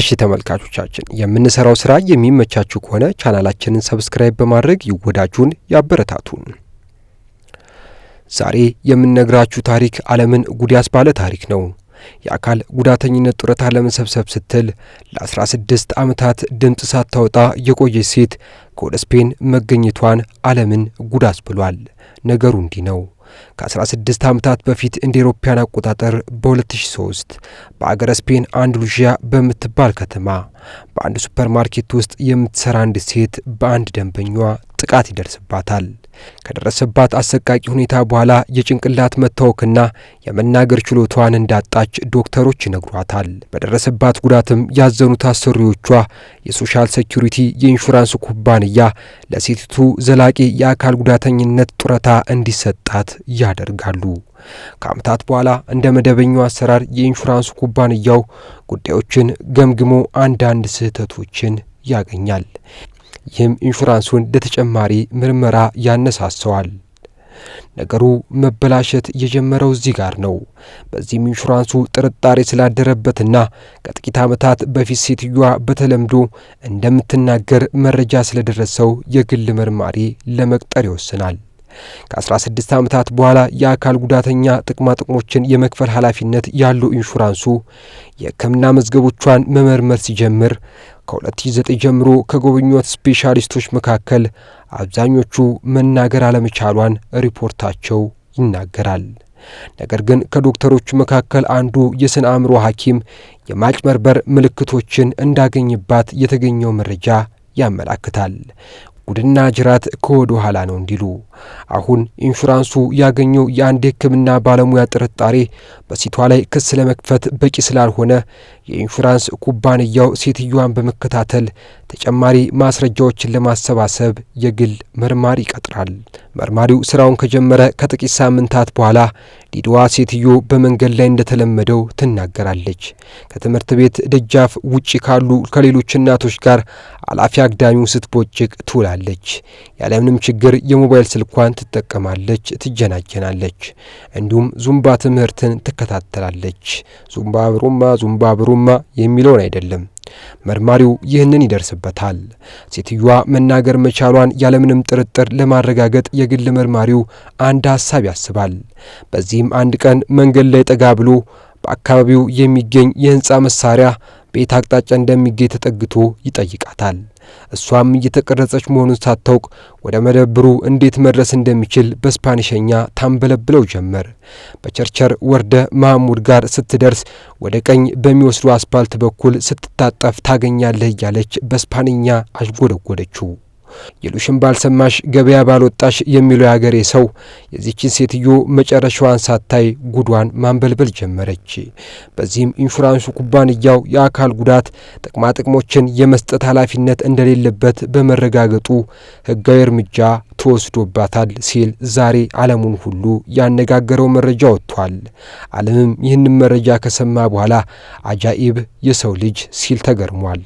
እሺ ተመልካቾቻችን የምንሰራው ስራ የሚመቻችሁ ከሆነ ቻናላችንን ሰብስክራይብ በማድረግ ይወዳጁን፣ ያበረታቱን። ዛሬ የምንነግራችሁ ታሪክ ዓለምን ጉድ ያስባለ ታሪክ ነው። የአካል ጉዳተኝነት ጡረታ ለመሰብሰብ ስትል ለ16 ዓመታት ድምፅ ሳታወጣ የቆየች ሴት ከወደ ስፔን መገኘቷን ዓለምን ጉድ አስብሏል። ነገሩ እንዲህ ነው። ከ16 ዓመታት በፊት እንደ ኤሮፓያን አቆጣጠር በ2003 በአገረ ስፔን አንዳሉዥያ በምትባል ከተማ በአንድ ሱፐርማርኬት ውስጥ የምትሰራ አንዲት ሴት በአንድ ደንበኛዋ ጥቃት ይደርስባታል። ከደረሰባት አሰቃቂ ሁኔታ በኋላ የጭንቅላት መታወክና የመናገር ችሎቷን እንዳጣች ዶክተሮች ይነግሯታል። በደረሰባት ጉዳትም ያዘኑት አሰሪዎቿ የሶሻል ሴኪሪቲ የኢንሹራንስ ኩባንያ ለሴቲቱ ዘላቂ የአካል ጉዳተኝነት ጡረታ እንዲሰጣት ያደርጋሉ። ከዓመታት በኋላ እንደ መደበኛው አሰራር የኢንሹራንስ ኩባንያው ጉዳዮችን ገምግሞ አንዳንድ ስህተቶችን ያገኛል። ይህም ኢንሹራንሱን ለተጨማሪ ምርመራ ያነሳሰዋል። ነገሩ መበላሸት የጀመረው እዚህ ጋር ነው። በዚህም ኢንሹራንሱ ጥርጣሬ ስላደረበትና ከጥቂት ዓመታት በፊት ሴትዮዋ በተለምዶ እንደምትናገር መረጃ ስለደረሰው የግል መርማሪ ለመቅጠር ይወስናል። ከ16 ዓመታት በኋላ የአካል ጉዳተኛ ጥቅማ ጥቅሞችን የመክፈል ኃላፊነት ያለው ኢንሹራንሱ የሕክምና መዝገቦቿን መመርመር ሲጀምር ከ2009 ጀምሮ ከጎበኟት ስፔሻሊስቶች መካከል አብዛኞቹ መናገር አለመቻሏን ሪፖርታቸው ይናገራል። ነገር ግን ከዶክተሮቹ መካከል አንዱ የስነ አእምሮ ሐኪም የማጭመርበር ምልክቶችን እንዳገኝባት የተገኘው መረጃ ያመላክታል። ጉድና ጅራት ከወደ ኋላ ነው እንዲሉ አሁን ኢንሹራንሱ ያገኘው የአንድ የሕክምና ባለሙያ ጥርጣሬ በሴቷ ላይ ክስ ለመክፈት በቂ ስላልሆነ የኢንሹራንስ ኩባንያው ሴትዮዋን በመከታተል ተጨማሪ ማስረጃዎችን ለማሰባሰብ የግል መርማሪ ይቀጥራል። መርማሪው ስራውን ከጀመረ ከጥቂት ሳምንታት በኋላ ሊድዋ ሴትዮ በመንገድ ላይ እንደተለመደው ትናገራለች። ከትምህርት ቤት ደጃፍ ውጪ ካሉ ከሌሎች እናቶች ጋር አላፊ አግዳሚው ስትቦጭቅ ትውላለች። ያለምንም ችግር የሞባይል ስልኳን ትጠቀማለች፣ ትጀናጀናለች። እንዲሁም ዙምባ ትምህርትን ትከታተላለች። ዙምባ ብሩማ ዙምባ ብሩማ የሚለውን አይደለም። መርማሪው ይህንን ይደርስበታል። ሴትዮዋ መናገር መቻሏን ያለምንም ጥርጥር ለማረጋገጥ የግል መርማሪው አንድ ሀሳብ ያስባል። በዚህም አንድ ቀን መንገድ ላይ ጠጋ ብሎ በአካባቢው የሚገኝ የሕንፃ መሳሪያ በየት አቅጣጫ እንደሚገኝ ተጠግቶ ይጠይቃታል። እሷም እየተቀረጸች መሆኑን ሳታውቅ ወደ መደብሩ እንዴት መድረስ እንደሚችል በስፓኒሸኛ ታንበለብለው ጀመር። በቸርቸር ወርደ መሐሙድ ጋር ስትደርስ ወደ ቀኝ በሚወስዱ አስፓልት በኩል ስትታጠፍ ታገኛለህ እያለች በስፓንኛ አሽጎደጎደችው። ይሉሽም ባልሰማሽ ገበያ ባልወጣሽ የሚለው የአገሬ ሰው የዚችን ሴትዮ መጨረሻዋን ሳታይ ጉዷን ማንበልበል ጀመረች። በዚህም ኢንሹራንሱ ኩባንያው የአካል ጉዳት ጥቅማጥቅሞችን የመስጠት ኃላፊነት እንደሌለበት በመረጋገጡ ህጋዊ እርምጃ ተወስዶባታል ሲል ዛሬ ዓለሙን ሁሉ ያነጋገረው መረጃ ወጥቷል። ዓለምም ይህንን መረጃ ከሰማ በኋላ አጃኢብ የሰው ልጅ ሲል ተገርሟል።